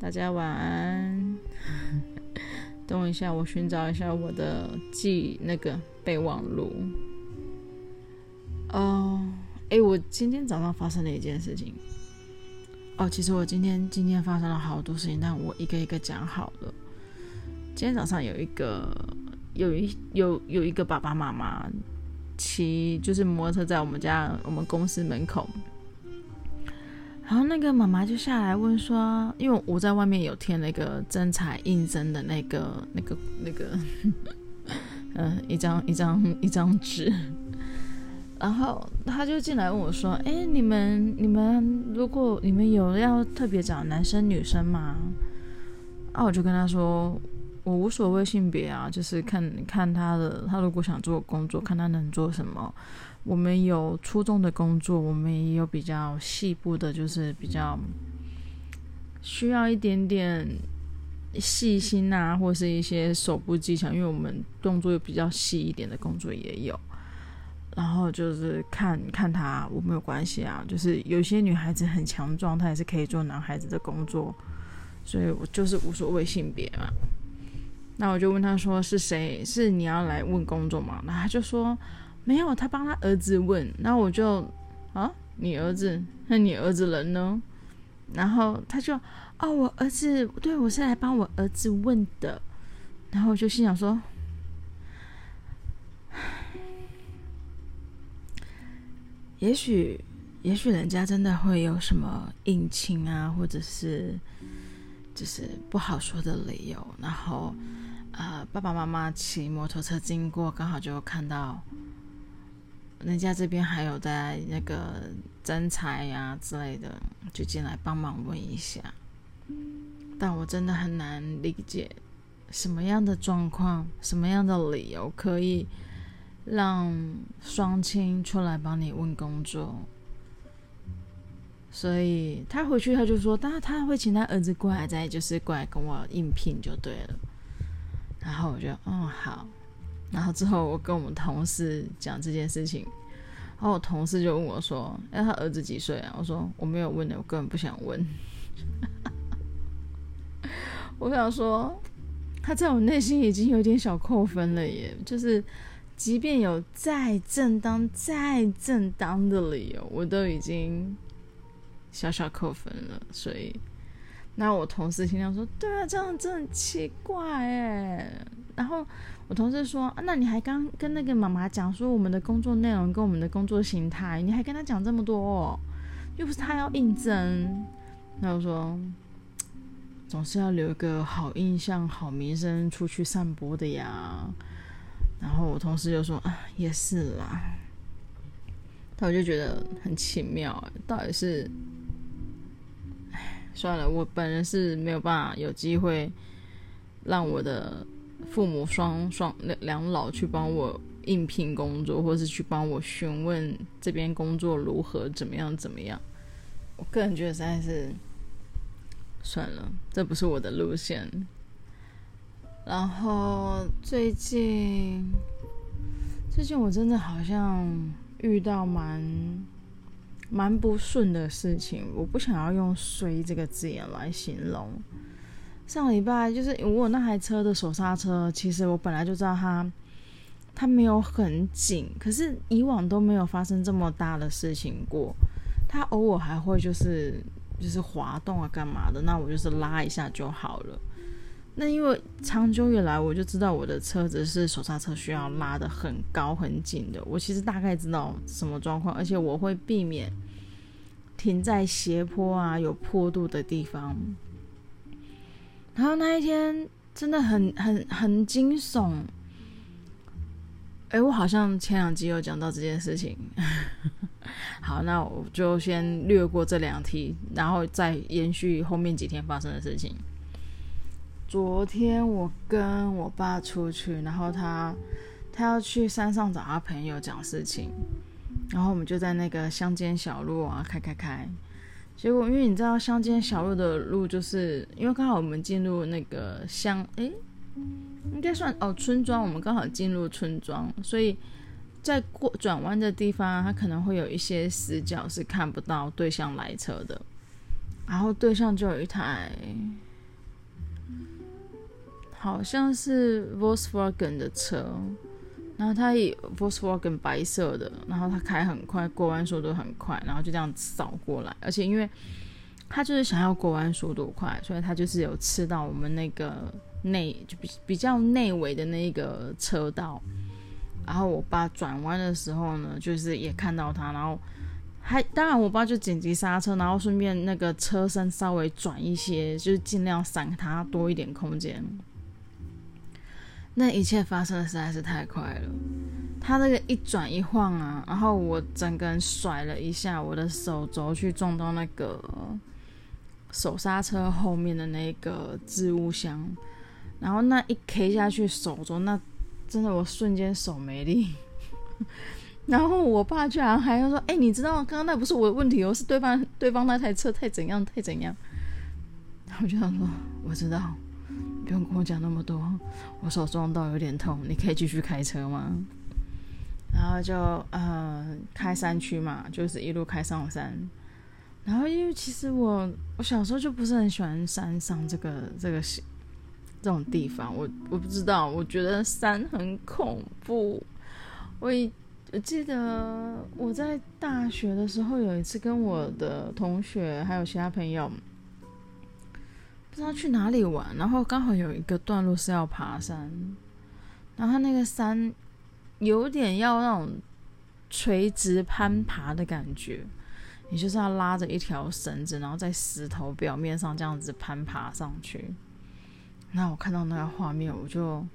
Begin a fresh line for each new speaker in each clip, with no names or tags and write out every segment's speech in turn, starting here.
大家晚安。 等我一下，我尋找一下我的記那個備忘錄。哦，哎，我今天早上發生了一件事情。哦、oh，其實我今天今天發生了好多事情，但我一個一個講好了。今天早上有一個有一有有一個爸爸媽媽騎就是摩托車在我們家，我們公司門口。然後那個媽媽就下來問說：“因為我在外面有貼那個徵才應徵的那個、那個、那個，嗯、呃，一張一張一張紙。”然後他就進來問我說：“哎，你們、你們如果你們有要特別找男生女生嗎？”啊，我就跟他說：“我無所謂性別啊，就是看看他的，他如果想做工作，看他能做什麼。”我們有粗重的工作，我們也有比較細部的，就是比較需要一點點細心啊，或是一些手部技巧，因為我們動作又比較細一點的工作也有。然後就是看看他有沒有關係啊，就是有些女孩子很強壯，她也是可以做男孩子的工作，所以我就是無所謂性別嘛。那我就問他說：“是誰？是你要來問工作嗎？”那他就說。沒有，他幫他兒子問，然後我就，啊，你兒子？那你兒子人呢？然後他就，哦，我兒子，對，我是來幫我兒子問的，然後我就心想說唉，也許，也許人家真的會有什麼隱情啊，或者是，就是不好說的理由，然後，啊、呃，爸爸媽媽騎摩托車經過，剛好就看到。人家這邊還有在那個徵才啊之類的，就進來幫忙問一下。但我真的很難理解，什麼樣的狀況，什麼樣的理由可以讓雙親出來幫你問工作？所以他回去他就說，當然他會請他兒子過來，再就是過來跟我應聘就對了。然後我就，嗯、哦，好。然後之後，我跟我們同事講這件事情，然後我同事就問我說：“哎，他兒子幾歲啊？”我說：“我沒有問的，我根本不想問。 ”我想說，他在我內心已經有點小扣分了，耶！就是，即便有再正當、再正當的理由，我都已經小小扣分了。所以，那我同事聽到說：“對啊，這樣真的很奇怪，哎。”然後。我同事說、啊：“那你還剛跟那個媽媽講說我們的工作內容跟我們的工作形態，你還跟她講這麼多、哦，又不是她要應徵。”那我說：“總是要留一個好印象、好名聲出去散播的呀。”然後我同事就說：“啊，也是啦。”但我就覺得很奇妙、欸，到底是，唉……算了，我本人是沒有辦法有機會讓我的。父母雙雙兩老去幫我應聘工作，或者是去幫我詢問這邊工作如何怎麼樣怎麼樣。麼樣我個人覺得實在是算了，這不是我的路線。然後最近最近我真的好像遇到蠻蠻不順的事情，我不想要用“衰”這個字眼來形容。上禮拜就是我那台車的手剎車，其實我本來就知道它，它沒有很緊，可是以往都沒有發生這麼大的事情過。它偶爾還會就是就是滑動啊幹嘛的，那我就是拉一下就好了。那因為長久以來我就知道我的車子是手剎車需要拉得很高很緊的，我其實大概知道什麼狀況，而且我會避免停在斜坡啊有坡度的地方。然後那一天真的很很很驚悚，哎，我好像前兩集有講到這件事情。 好，那我就先略過這兩題，然後再延續後面幾天發生的事情。昨天我跟我爸出去，然後他他要去山上找他朋友講事情，然後我們就在那個鄉間小路啊開開開。結果，因為你知道鄉間小路的路，就是因為剛好我們進入那個鄉，哎、欸，應該算哦村莊，我們剛好進入村莊，所以在過轉彎的地方，它可能會有一些死角是看不到對向來車的。然後對向就有一台，好像是 Volkswagen 的車。然後它也 Volkswagen 白色的，然後它開很快，過彎速度很快，然後就這樣掃過來。而且因為它就是想要過彎速度快，所以它就是有吃到我們那個內，就比比較內圍的那個車道。然後我爸轉彎的時候呢，就是也看到它，然後還，當然我爸就緊急剎車，然後順便那個車身稍微轉一些，就是盡量閃他它多一點空間。那一切發生的實在是太快了，他那個一轉一晃啊，然後我整個人甩了一下，我的手肘去撞到那個手剎車後面的那個置物箱，然後那一 K 下去手，手肘那真的我瞬間手沒力。 然後我爸居然還要說：“哎、欸，你知道剛剛那不是我的問題哦，是對方對方那台車太怎樣太怎樣。”然後我就想說：“我知道。”不用跟我講那麼多，我手撞到有點痛，你可以繼續開車嗎？然後就呃開山區嘛，就是一路開上山。然後因為其實我我小時候就不是很喜歡山上這個這個這種地方，我我不知道，我覺得山很恐怖。我我記得我在大學的時候有一次跟我的同學還有其他朋友。他去哪裡玩？然後剛好有一個段落是要爬山，然後他那個山有點要那種垂直攀爬的感覺，也就是要拉着一條繩子，然後在石頭表面上這樣子攀爬上去。那我看到那個畫面，我就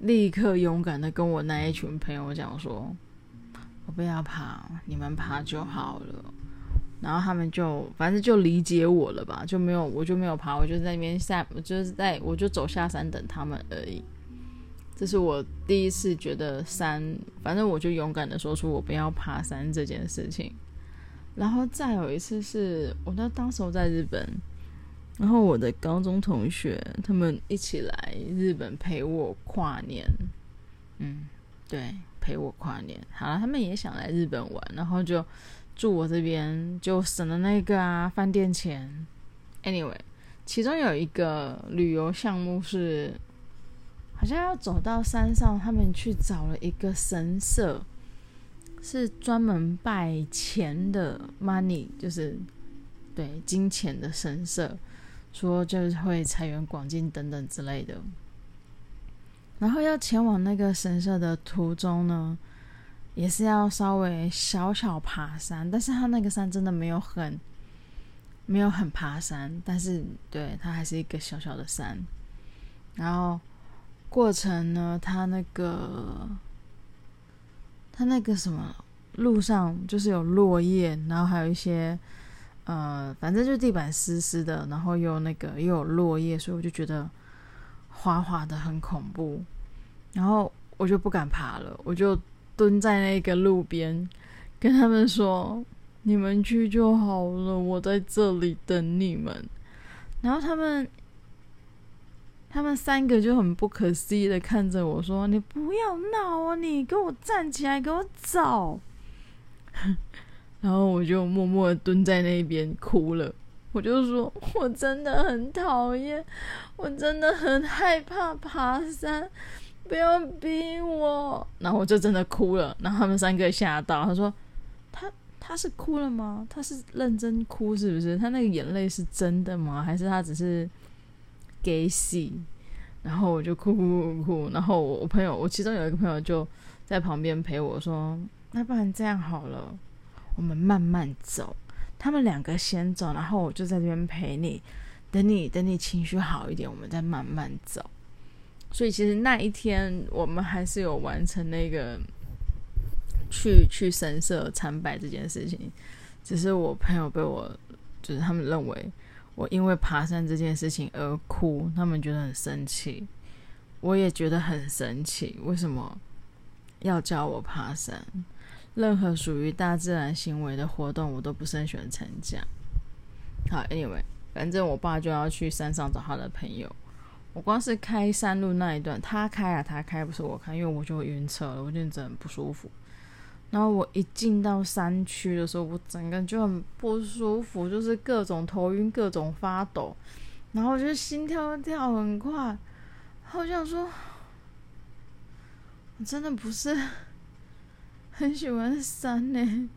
立刻勇敢的跟我那一群朋友講說：“我不要爬，你們爬就好了。”然後他們就反正就理解我了吧，就沒有我就沒有爬，我就在那邊下，我就是在我就走下山等他們而已。這是我第一次覺得山，反正我就勇敢的說出我不要爬山這件事情。然後再有一次是我那當時候在日本，然後我的高中同學他們一起來日本陪我跨年，嗯，對，陪我跨年。好了，他們也想來日本玩，然後就。住我這邊就省了那個啊飯店錢。Anyway，其中有一個旅遊項目是，好像要走到山上，他們去找了一個神社，是專門拜錢的 money，就是對金錢的神社，說就是會財源廣進等等之類的。然後要前往那個神社的途中呢，也是要稍微小小爬山，但是他那個山真的沒有很，沒有很爬山，但是對他還是一個小小的山。然後過程呢，他那個，他那個什麼路上就是有落葉，然後還有一些呃，反正就地板濕濕的，然後又那個又有落葉，所以我就覺得滑滑的很恐怖，然後我就不敢爬了，我就。蹲在那個路邊，跟他們說：“你們去就好了，我在這裡等你們。”然後他們，他們三個就很不可思議的看着我說：“你不要鬧啊，你給我站起來，給我走。 ”然後我就默默的蹲在那邊哭了。我就說：“我真的很討厭，我真的很害怕爬山。”不要逼我，然後我就真的哭了，然後他們三個嚇到，他說：“他他是哭了嗎？他是認真哭是不是？他那個眼淚是真的嗎？還是他只是給戲？”然後我就哭哭哭哭哭，然後我，我朋友，我其中有一個朋友就在旁邊陪我說：“那不然這樣好了，我們慢慢走，他們兩個先走，然後我就在這邊陪你，等你等你情緒好一點，我們再慢慢走。”所以其實那一天我們還是有完成那個去去神社參拜這件事情，只是我朋友被我就是他們認為我因為爬山這件事情而哭，他們覺得很生氣，我也覺得很神奇，為什麼要教我爬山？任何屬於大自然行為的活動我都不是很喜歡參加。好，Anyway，反正我爸就要去山上找他的朋友。我光是開山路那一段，他開啊，他開不是我開，因為我就暈車了，我就整個很不舒服。然後我一進到山區的時候，我整個就很不舒服，就是各種頭暈，各種發抖，然後我就心跳跳很快，好想說，我真的不是很喜歡山嘞、欸，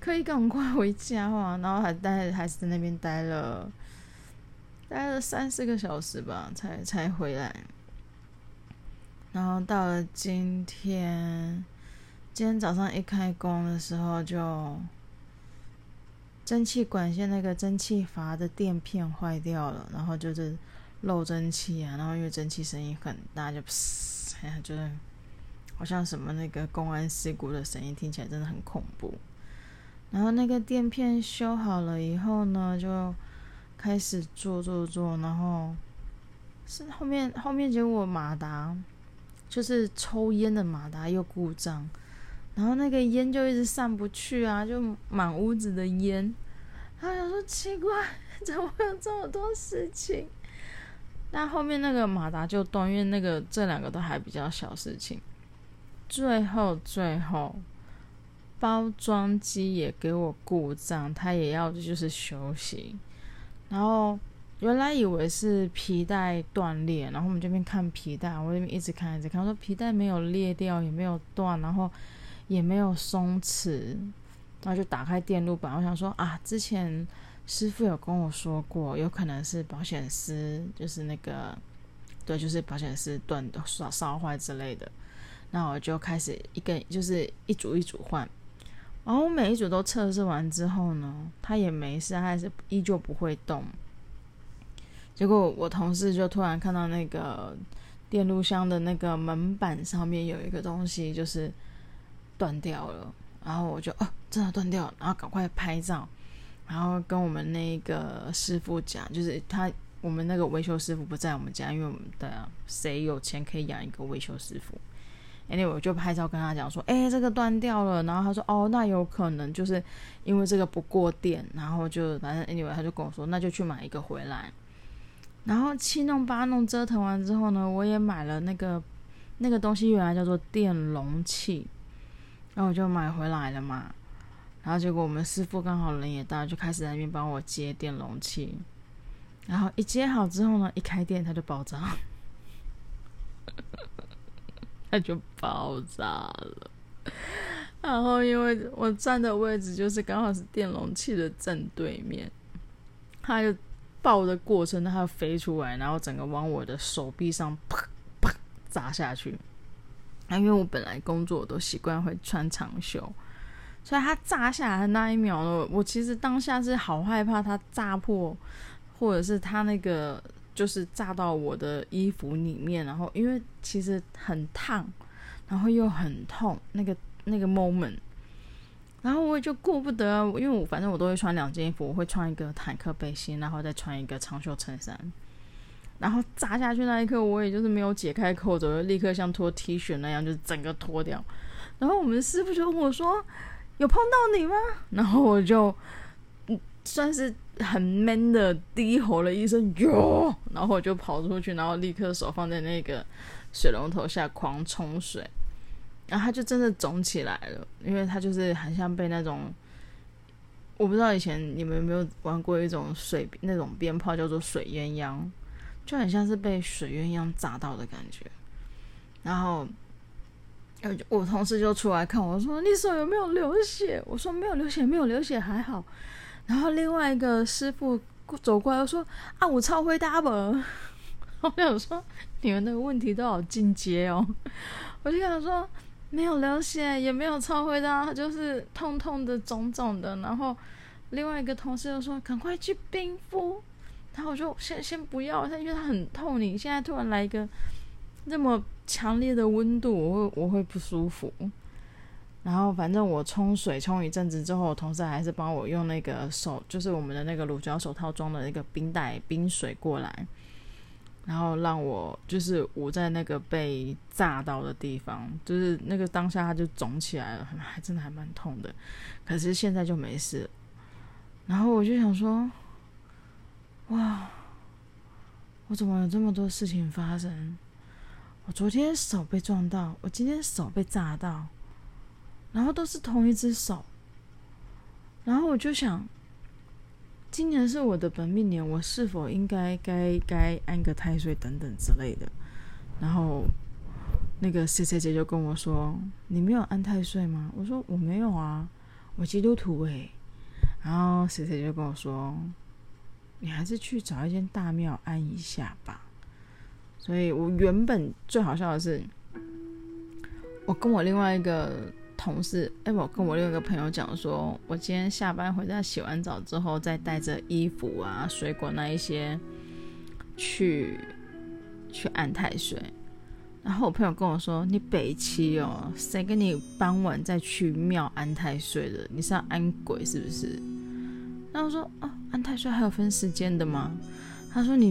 可以趕快回家哇、啊！然後還待還是在那邊待了。待了三四個小時吧，才才回來。然後到了今天，今天早上一開工的時候就，就蒸汽管線那個蒸汽閥的墊片壞掉了，然後就是漏蒸汽啊。然後因為蒸汽聲音很大，就哎呀，就是好像什麼那個工安事故的聲音，聽起來真的很恐怖。然後那個墊片修好了以後呢，就。開始做做做，然後是後面後面，結果馬達就是抽煙的馬達又故障，然後那個煙就一直上不去啊，就滿屋子的煙。然後想說奇怪，怎麼會有這麼多事情？但後面那個馬達就動，因為那個這兩個都還比較小事情。最後最後，包裝機也給我故障，他也要的就是休息。然後原來以為是皮帶斷裂，然後我們這邊看皮帶，我這邊一直看一直看，我說皮帶沒有裂掉，也沒有斷，然後也沒有鬆弛，然後就打開電路板，我想說啊，之前師傅有跟我說過，有可能是保險絲，就是那個，對，就是保險絲斷的燒燒壞之類的，那我就開始一個，就是一組一組換。然後每一組都測試完之後呢，他也沒事，他還是依舊不會動。結果我同事就突然看到那個電路箱的那個門板上面有一個東西就是斷掉了，然後我就哦，真的斷掉了，然後趕快拍照，然後跟我們那個師傅講，就是他我們那個維修師傅不在我們家，因為我們對啊，誰有錢可以養一個維修師傅。Anyway，我就拍照跟他講說，哎、欸，這個斷掉了。然後他說，哦，那有可能就是因為這個不過電。然後就反正 Anyway，他就跟我說，那就去買一個回來。然後七弄八弄折騰完之後呢，我也買了那個那個東西，原來叫做電容器。然後我就買回來了嘛。然後結果我們師傅剛好人也到，就開始在那邊幫我接電容器。然後一接好之後呢，一開電它就爆炸。 它就爆炸了，然後因為我站的位置就是剛好是電容器的正對面，它就爆的過程，它飛出來，然後整個往我的手臂上啪啪砸下去。啊，因為我本來工作都習慣會穿長袖，所以它炸下來的那一秒呢，我其實當下是好害怕它炸破，或者是它那個。就是炸到我的衣服裡面，然後因為其實很燙，然後又很痛，那個那個 moment，然後我也就顧不得，因為我反正我都會穿兩件衣服，我會穿一個坦克背心，然後再穿一個長袖襯衫，然後炸下去那一刻，我也就是沒有解開扣子，我就立刻像脫 T 恤那樣，就是整個脫掉。然後我們師傅就跟我說：“有碰到你嗎？”然後我就算是。很悶的低吼了一聲喲，Yo! 然後我就跑出去，然後立刻手放在那個水龍頭下狂沖水，然後、啊、他就真的腫起來了，因為他就是很像被那種，我不知道以前你們有沒有玩過一種水那種鞭炮叫做水鴛鴦，就很像是被水鴛鴦炸到的感覺，然後，我同事就出來看我說，你手有沒有流血？我說沒有流血，沒有流血，還好。然後另外一個師傅走過來說：“啊，我超會搭吧。”後面我就說：“你們那個問題都好進階哦。 ”我就想說，沒有流血，也沒有超會搭，就是痛痛的、腫腫的。然後另外一個同事又說：“趕快去冰敷。”然後我就先先不要，他因為他很痛，你現在突然來一個那麼強烈的溫度，我會我會不舒服。”然後，反正我沖水沖一陣子之後，同事還是幫我用那個手，就是我們的那個乳膠手套裝的那個冰袋冰水過來，然後讓我就是捂在那個被炸到的地方，就是那個當下它就腫起來了，還真的還蠻痛的。可是現在就沒事了，然後我就想說，哇，我怎麼有這麼多事情發生？我昨天手被撞到，我今天手被炸到。然後都是同一只手，然後我就想，今年是我的本命年，我是否應該該該安個太歲等等之類的。然後那個誰誰姐就跟我說：“你沒有安太歲嗎？”我說：“我沒有啊，我基督徒誒、欸。”然後誰誰姐就跟我說：“你還是去找一間大廟安一下吧。”所以我原本最好笑的是，我跟我另外一個。同事，哎、欸，我跟我另一個朋友講說我今天下班回家洗完澡之後，再帶着衣服啊、水果那一些，去去安太歲。然後我朋友跟我說：“你北七哦、喔，誰跟你傍晚再去廟安太歲的，你是要安鬼是不是？”然後我說：“哦、啊，安太歲還有分時間的嗎？”他說你：“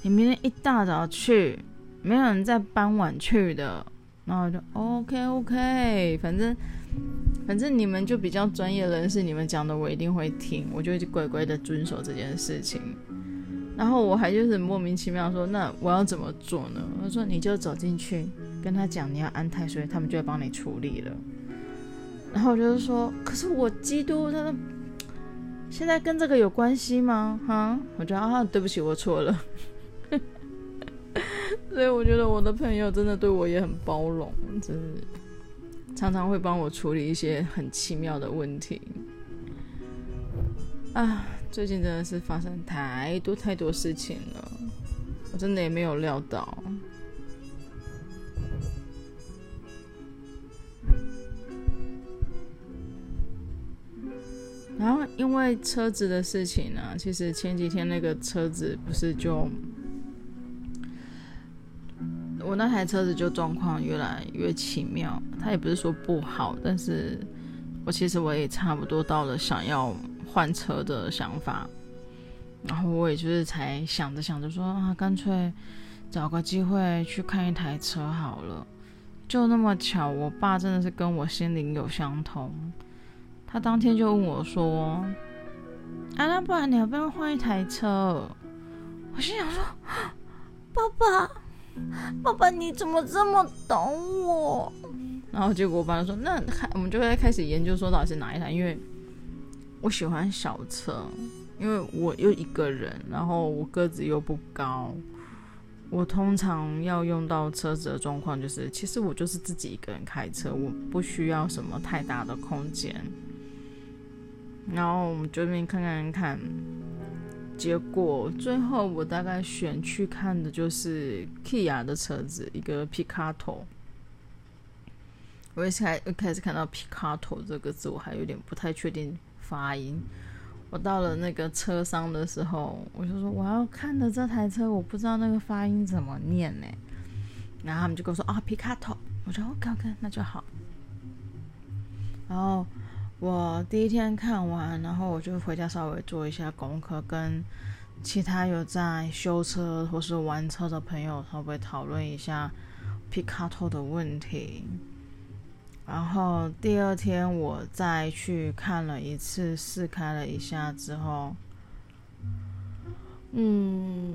你你明天一大早去，沒有人在傍晚去的。”然後我就 OK OK，反正反正你們就比較專業人士，你們講的我一定會聽，我就乖乖的遵守這件事情。然後我還就是莫名其妙說，那我要怎麼做呢？我說你就走進去跟他講你要安胎，所以他們就會幫你處理了。然後我就是說，可是我基督，他說現在跟這個有關係嗎？哈，我就啊，對不起，我錯了。所以我覺得我的朋友真的對我也很包容，真的常常會幫我處理一些很奇妙的問題。啊，最近真的是發生太多太多事情了，我真的也沒有料到。然後因為車子的事情呢，啊，其實前幾天那個車子不是就……我那台車子就狀況越來越奇妙，他也不是說不好，但是我其實我也差不多到了想要換車的想法，然後我也就是才想着想着說啊，乾脆找個機會去看一台車好了。就那麼巧，我爸真的是跟我心靈有相通，他當天就問我說：“啊，那不然你要不要換一台車？”我心想說：“啊，爸爸。”爸爸，你怎麼這麼懂我？然後結果我爸說：“那我們就會開始研究，說到底是哪一台？因為我喜歡小車，因為我又一個人，然後我個子又不高。我通常要用到車子的狀況就是，其實我就是自己一個人開車，我不需要什麼太大的空間。然後我們這邊看看看。”結果最後我大概選去看的就是 Kia 的車子，一個 Picato。我一開始看到 Picato 這個字，我還有點不太確定發音。我到了那個車商的時候，我就說我要看的這台車，我不知道那個發音怎麼念呢。然後他們就跟我說，啊，Picato。我說 OK OK，那就好。然後。我第一天看完，然後我就回家稍微做一下功課，跟其他有在修車或是玩車的朋友稍微討論一下皮卡托的問題。然後第二天我再去看了一次，試開了一下之後，嗯，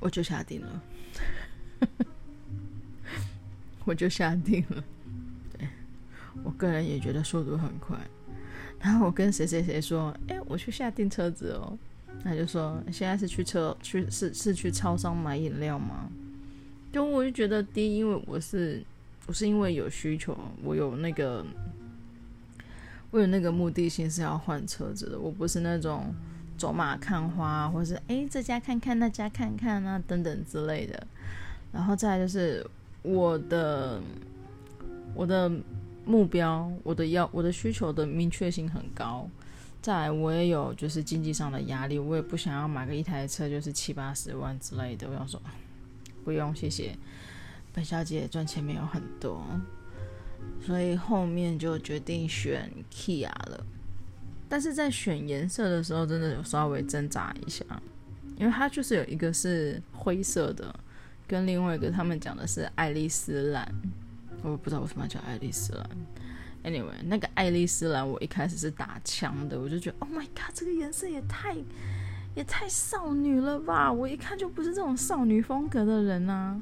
我就下定訂了， 我就下定訂了。我個人也覺得速度很快，然後我跟誰誰誰說：“欸，我去下訂車子哦。”他就說：“現在是去車，去，是，是去超商買飲料嗎？”就我就覺得第一，因為我是我是因為有需求，我有那個我有那個目的性是要換車子的，我不是那種走馬看花，或是欸，這家看看，那家看看啊等等之類的。然後再來就是我的我的。目標我的要我的需求的明確性很高，再來我也有就是經濟上的壓力，我也不想要買個一台車就是七八十萬之類的，我想說不用謝謝，本小姐賺錢沒有很多，所以後面就決定選 Kia 了，但是在選顏色的時候真的有稍微掙扎一下，因為它就是有一個是灰色的，跟另外一個他們講的是愛麗絲藍。我不知道為什麼叫愛麗絲藍。Anyway，那個愛麗絲藍我一開始是打槍的，我就覺得 Oh my god，這個顏色也太也太少女了吧！我一看就不是這種少女風格的人啊！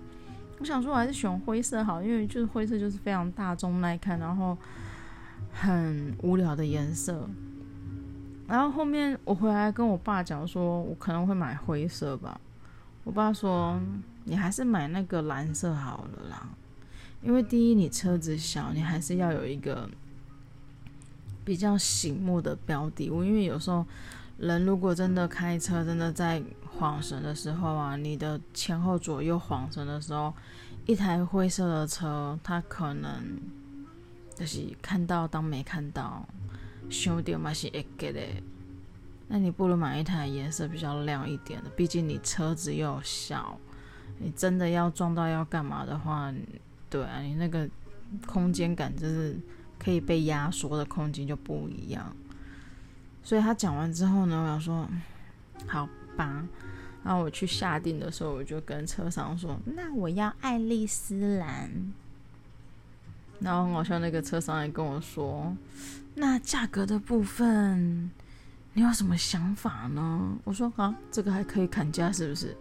我想說，我還是喜歡灰色好，因為就是灰色就是非常大眾耐看，然後很無聊的顏色。然後後面我回來跟我爸講說，我可能會買灰色吧。我爸說，你還是買那個藍色好了啦。因為第一，你車子小，你還是要有一個比較醒目的標的物。因為有時候人如果真的開車，真的在晃神的時候啊，你的前後左右晃神的時候，一台灰色的車，它可能就是看到當沒看到，修點嘛是一給嘞。那你不如買一台顏色比較亮一點的，畢竟你車子又小，你真的要撞到要幹嘛的話。對啊，你那個空間感就是可以被壓縮的空間就不一樣。所以他講完之後呢，我想說，好吧。然後我去下定的時候，我就跟車商說：“那我要愛麗絲藍。”然後好像那個車商也跟我說：“那價格的部分你有什麼想法呢？”我說：“好，啊，這個還可以砍價，是不是？”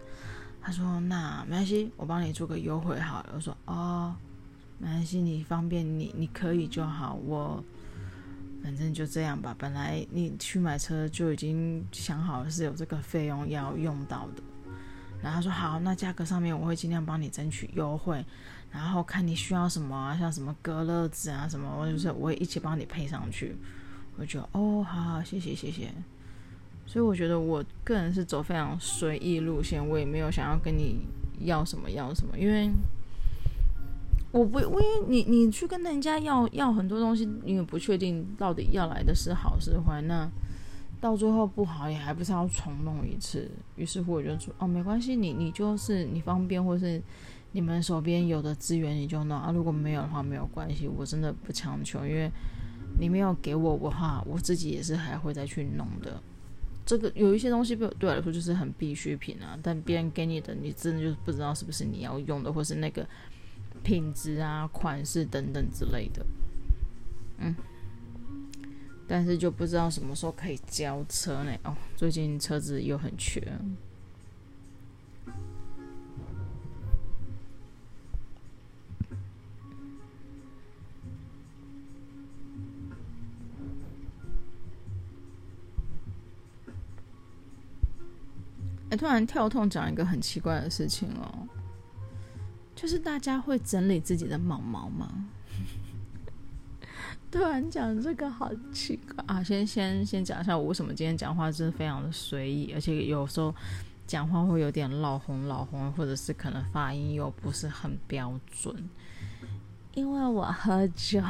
他說：“那沒關係，我幫你做個優惠好了。”我說：“哦，沒關係，你方便你你可以就好，我反正就這樣吧。本來你去買車就已經想好了是有這個費用要用到的。”然後他說：“好，那價格上面我會盡量幫你爭取優惠，然後看你需要什麼啊，像什麼隔熱紙啊什麼，我就是我也一起幫你配上去。”我就：“哦，好好，謝謝，謝謝。”所以我覺得，我個人是走非常隨意路線，我也沒有想要跟你要什麼要什麼，因為我不，我因為你你去跟人家要要很多東西，你也不確定到底要來的是好是壞，那到最後不好也還不是要重弄一次。於是乎，我就說哦，沒關係，你你就是你方便或是你們手邊有的資源你就弄啊，如果沒有的話沒有關係，我真的不強求，因為你沒有給我的話，我自己也是還會再去弄的。這個有一些東西不對，對我來說就是很必需品啊，但別人給你的，你真的就是不知道是不是你要用的，或是那個品質啊、款式等等之類的。嗯，但是就不知道什麼時候可以交車呢？哦，最近車子又很缺。哎、欸，突然跳痛講一個很奇怪的事情哦、喔，就是大家會整理自己的毛毛嗎？ 突然講這個好奇怪啊！先先先講一下，我為什麼今天講話真的非常的隨意，而且有時候講話會有點老紅老紅，或者是可能發音又不是很標準，因為我喝酒。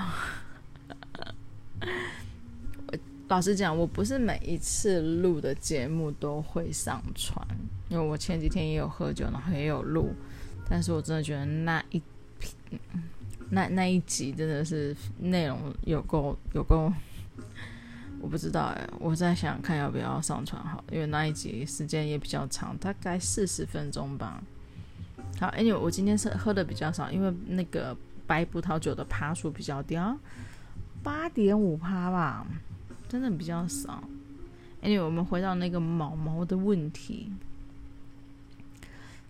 老實講，我不是每一次錄的節目都會上傳，因為我前幾天也有喝酒，然後也有錄，但是我真的覺得那一那那一集真的是內容有夠有夠，我不知道誒，我在想看要不要上傳好，因為那一集時間也比較長，大概四十分鐘吧。好，anyway，我今天是喝的比較少，因為那個白葡萄酒的趴數比較低啊，八點五趴吧。真的比較少。Anyway, 我們回到那個毛毛的問題，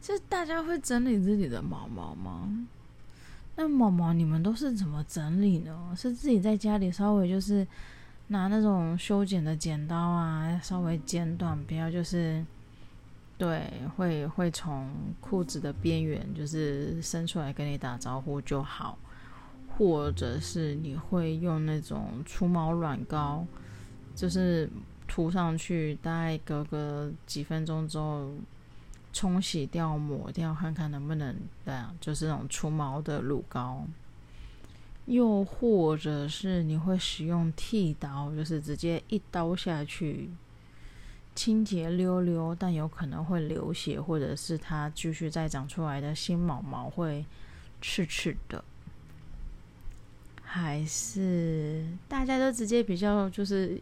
就大家會整理自己的毛毛嗎？那毛毛你們都是怎麼整理呢？是自己在家裡稍微就是拿那種修剪的剪刀啊，稍微剪短，不要就是對，會會從褲子的邊緣就是伸出來跟你打招呼就好，或者是你會用那種除毛軟膏？就是塗上去，大概隔個幾分鐘之後沖洗掉、抹掉，看看能不能這樣、啊。就是那種除毛的乳膏，又或者是你會使用剃刀，就是直接一刀下去清潔溜溜，但有可能會流血，或者是它繼續再長出來的新毛毛會刺刺的，還是大家都直接比較就是。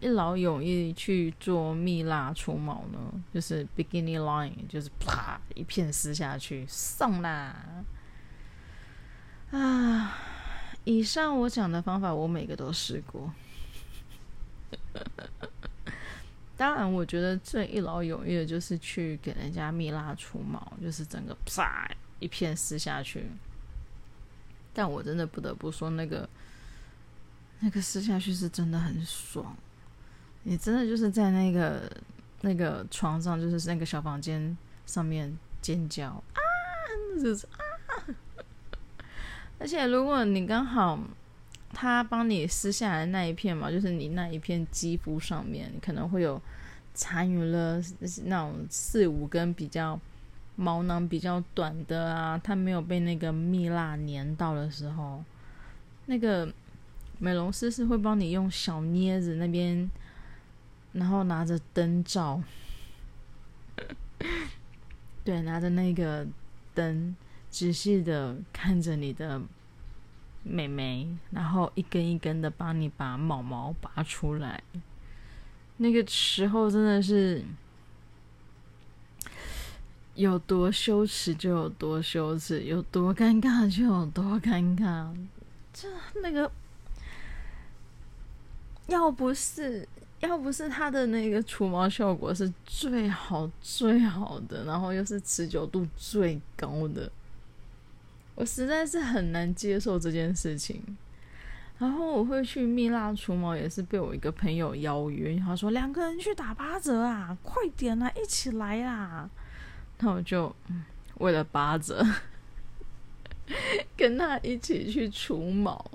一勞永逸去做蜜蠟除毛呢？就是 bikini line，就是啪一片撕下去上啦！啊，以上我講的方法我每個都試過。 當然，我覺得最一勞永逸的就是去給人家蜜蠟除毛，就是整個啪一片撕下去。但我真的不得不說，那個那個撕下去是真的很爽。你真的就是在那個那個床上，就是那個小房間上面尖叫啊，就是啊， 而且如果你剛好他幫你撕下來那一片嘛，就是你那一片肌膚上面可能會有殘餘了那種四五根比較毛囊比較短的啊，它沒有被那個蜜蠟粘到的時候，那個美容師是會幫你用小鑷子那邊。然後拿着燈罩，對，拿着那個燈，仔細的看着你的妹妹，然後一根一根的幫你把毛毛拔出來。那個時候真的是有多羞恥就有多羞恥，有多尷尬就有多尷尬。這那個要不是。要不是它的那個除毛效果是最好最好的，然後又是持久度最高的，我實在是很難接受這件事情。然後我會去蜜蠟除毛，也是被我一個朋友邀約，他說兩個人去打八折啊，快點啊，一起來啊。那我就為了八折， 跟他一起去除毛。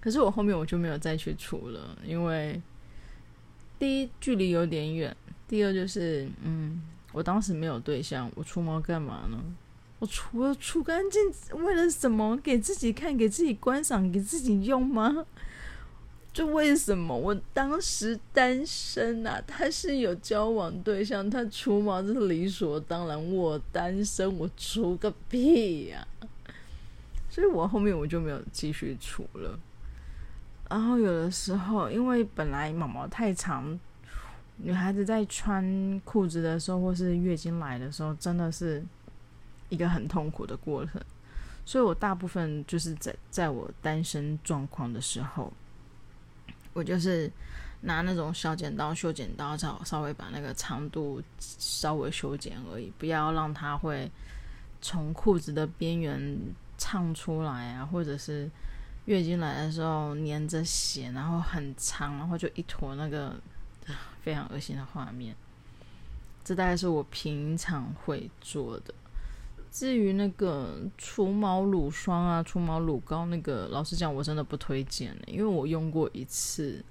可是我後面我就沒有再去除了，因為。第一，距離有點遠；第二，就是，嗯，我當時沒有對象，我除毛幹嘛呢？我除了除乾淨，為了什麼？給自己看，給自己觀賞，給自己用嗎？就為什麼？我當時單身啊，他是有交往對象，他除毛就是理所當然。我單身，我除個屁呀、啊！所以，我後面我就沒有繼續除了。然後有的時候，因為本來毛毛太長，女孩子在穿褲子的時候，或是月經來的時候，真的是一個很痛苦的過程。所以我大部分就是在在我單身狀況的時候，我就是拿那種小剪刀、修剪刀，稍微把那個長度稍微修剪而已，不要讓它會從褲子的邊緣唱出來啊，或者是。月經來的時候粘着血，然後很長，然後就一坨那個非常噁心的畫面。這大概是我平常會做的。至於那個除毛乳霜啊、除毛乳膏，那個老實講，我真的不推薦、欸、因為我用過一次，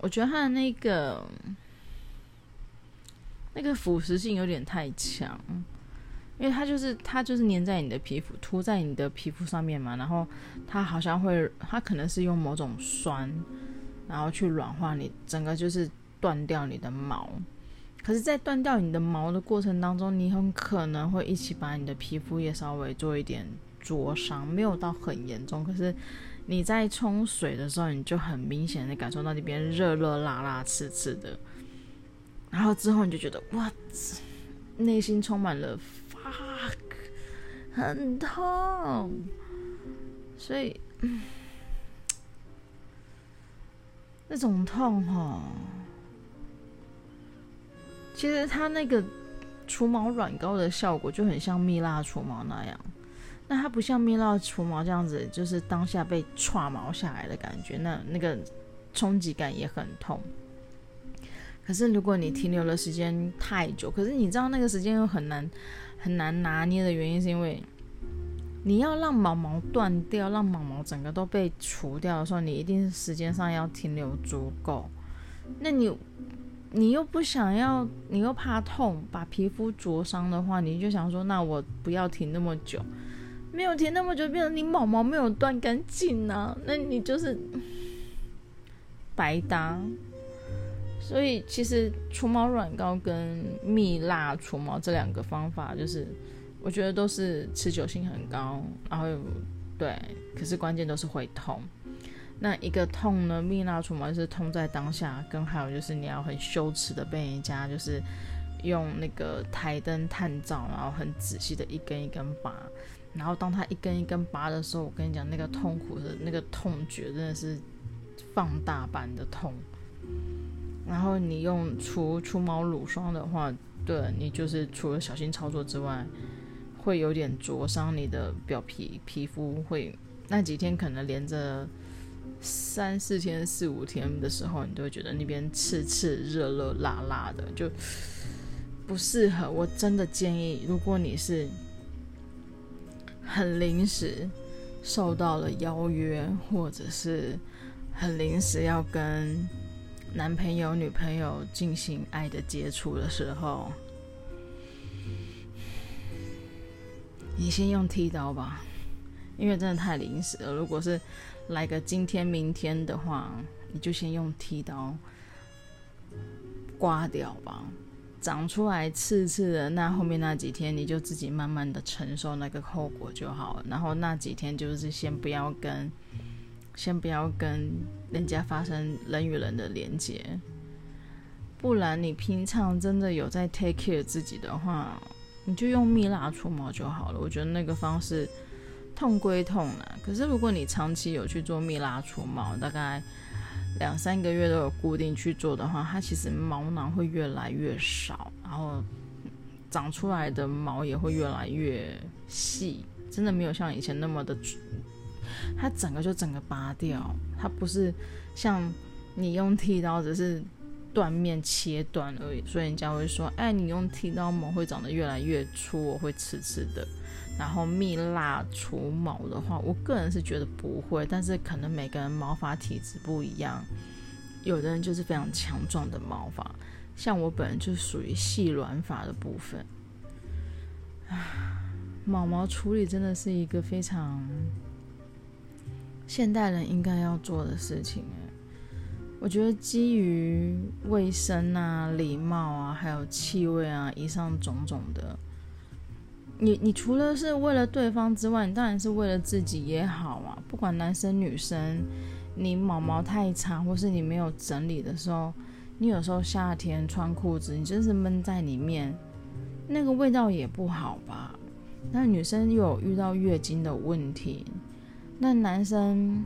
我覺得它的那個那個腐蝕性有點太強，因為它就是它就是粘在你的皮膚，塗在你的皮膚上面嘛，然後它好像會，它可能是用某種酸，然後去軟化你整個就是斷掉你的毛。可是，在斷掉你的毛的過程當中，你很可能會一起把你的皮膚也稍微做一點灼傷，沒有到很嚴重。可是你在沖水的時候，你就很明顯的感受到那邊熱熱辣辣刺刺的，然後之後你就覺得哇，內心充滿了。很痛，所以那種痛哈、哦，其實它那個除毛軟膏的效果就很像蜜蠟除毛那樣，那它不像蜜蠟除毛這樣子，就是當下被唰毛下來的感覺，那那個衝擊感也很痛。可是如果你停留的時間太久，可是你知道那個時間又很難很難拿捏的原因，是因為你要讓毛毛斷掉，讓毛毛整個都被除掉的時候，你一定時間上要停留足夠。那你你又不想要，你又怕痛，把皮膚灼傷的話，你就想說，那我不要停那麼久，沒有停那麼久，變成你毛毛沒有斷乾淨呢、啊，那你就是白搭。所以其實除毛軟膏跟蜜蠟除毛這兩個方法，就是我覺得都是持久性很高，然後對，可是關鍵都是會痛。那一個痛呢，蜜蠟除毛就是痛在當下，跟還有就是你要很羞恥的被人家就是用那個台燈探照，然後很仔細的一根一根拔。然後當它一根一根拔的時候，我跟你講那個痛苦的那個痛覺真的是放大版的痛。然後你用除除毛乳霜的話，對，你就是除了小心操作之外，會有點灼傷你的表皮，皮膚會那幾天可能連着三四天，四五天的時候，你都會覺得那邊刺刺、熱熱，熱，辣辣的，就不適合。我真的建議，如果你是很臨時受到了邀約，或者是很臨時要跟。男朋友、女朋友進行愛的接觸的時候，你先用剃刀吧，因為真的太臨時了。如果是來個今天、明天的話，你就先用剃刀刮掉吧，長出來刺刺的。那後面那幾天，你就自己慢慢的承受那個後果就好了。然後那幾天就是先不要跟。先不要跟人家發生人與人的連接，不然你平常真的有在 take care 自己的話，你就用蜜蠟除毛就好了。我覺得那個方式痛歸痛啦，可是如果你長期有去做蜜蠟除毛，大概兩三個月都有固定去做的話，它其實毛囊會越來越少，然後長出來的毛也會越來越細，真的沒有像以前那麼的。它整個就整個拔掉，它不是像你用剃刀只是斷面切斷而已，所以人家會說，哎，你用剃刀毛會長得越來越粗，我會刺刺的。然後蜜蠟除毛的話，我個人是覺得不會，但是可能每個人毛髮體質不一樣，有的人就是非常強壯的毛髮，像我本人就屬於細軟髮的部分。啊。毛毛處理真的是一個非常。現代人應該要做的事情、欸，我覺得基於衛生啊、禮貌啊，還有氣味啊，以上種種的，你你除了是為了對方之外，你當然是為了自己也好啊。不管男生女生，你毛毛太長，或是你沒有整理的時候，你有時候夏天穿褲子，你真是悶在裡面，那個味道也不好吧？那女生又有遇到月經的問題。那男生，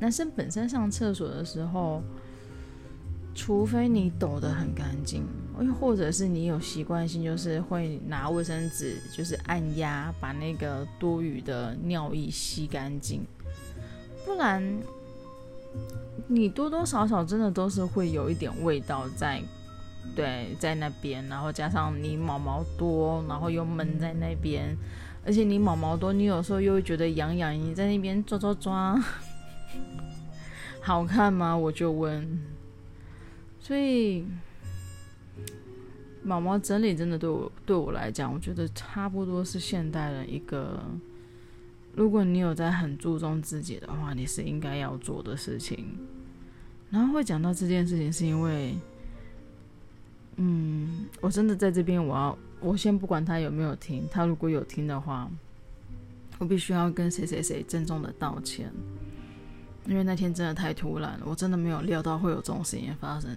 男生本身上廁所的時候，除非你抖得很乾淨，又或者是你有習慣性，就是會拿衛生紙，就是按壓把那個多餘的尿液吸乾淨，不然你多多少少真的都是會有一點味道在，對，在那邊，然後加上你毛毛多，然後又悶在那邊。而且你毛毛多，你有時候又會覺得癢癢，你在那邊抓抓抓， 好看嗎？我就問。所以，毛毛整理真的對我，對我來講，我覺得差不多是現代人一個，如果你有在很注重自己的話，你是應該要做的事情。然後會講到這件事情，是因為，嗯，我真的在這邊我要。我先不管他有沒有聽，他如果有聽的話，我必須要跟誰誰誰鄭重的道歉，因為那天真的太突然了，我真的沒有料到會有這種事情發生，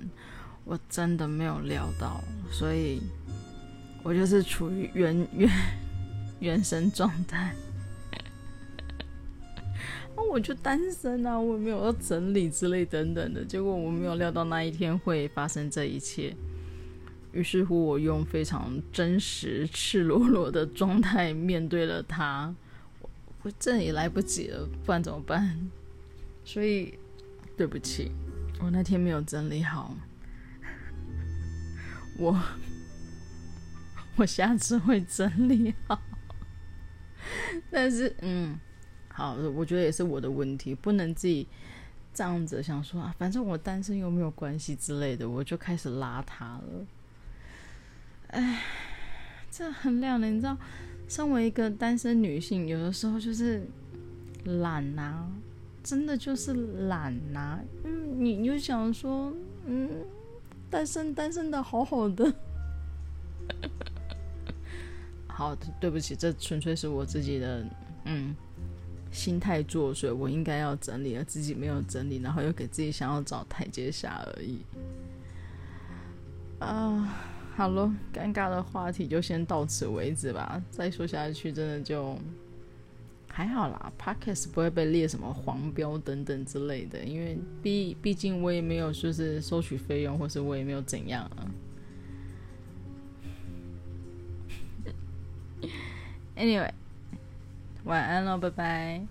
我真的沒有料到，所以我就是處於原原原神狀態，那 我就單身啊，我也沒有要整理之類等等的，結果我沒有料到那一天會發生這一切。於是乎，我用非常真實、赤裸裸的狀態面對了他。我，我這也來不及了，不然怎麼辦？所以，對不起，我那天沒有整理好。我，我下次會整理好。但是，嗯，好，我覺得也是我的問題，不能自己這樣子想說啊，反正我單身又沒有關係之類的，我就開始邋遢了。唉，這很亮的。你知道，身為一個單身女性，有的時候就是懶吶、啊，真的就是懶吶、啊。嗯，你你就想說，嗯，單身單身的好好的， 好，的，對不起，這純粹是我自己的，嗯，心態作祟，我應該要整理了，而自己沒有整理，然後又給自己想要找台階下而已，啊、呃。好咯，尷尬的話題就先到此為止吧。再說下去，真的就還好啦。Podcast 不會被列什麼黃標等等之類的，因為畢畢竟我也沒有說是收取費用，或是我也沒有怎樣啊。Anyway，晚安咯，拜拜。